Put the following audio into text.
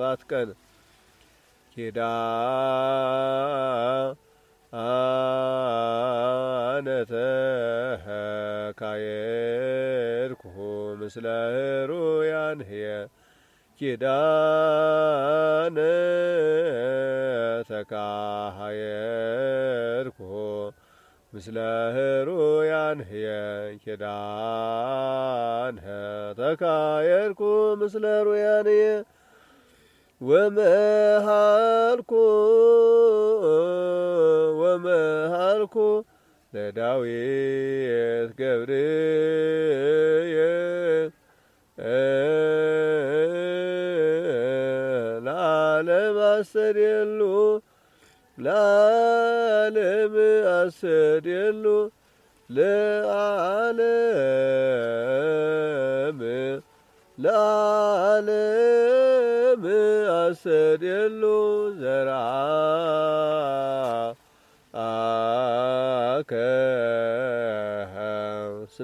ሰባት ቀን ኪዳነተካየድኩ ምስለ ህሩያን ህየ ኪዳነተካየድኩ ምስለ ህሩያን ህየ ኪዳነተካየድኩ ምስለ ህሩያን ህየ ወመሃልኩ ወመሃልኩ ለዳዊት ገብርኤል ለዓለም አሰድየሉ ለዓለም አሰድየሉ ለዓለም ለዓለም እምአሰድሉ ዘርአ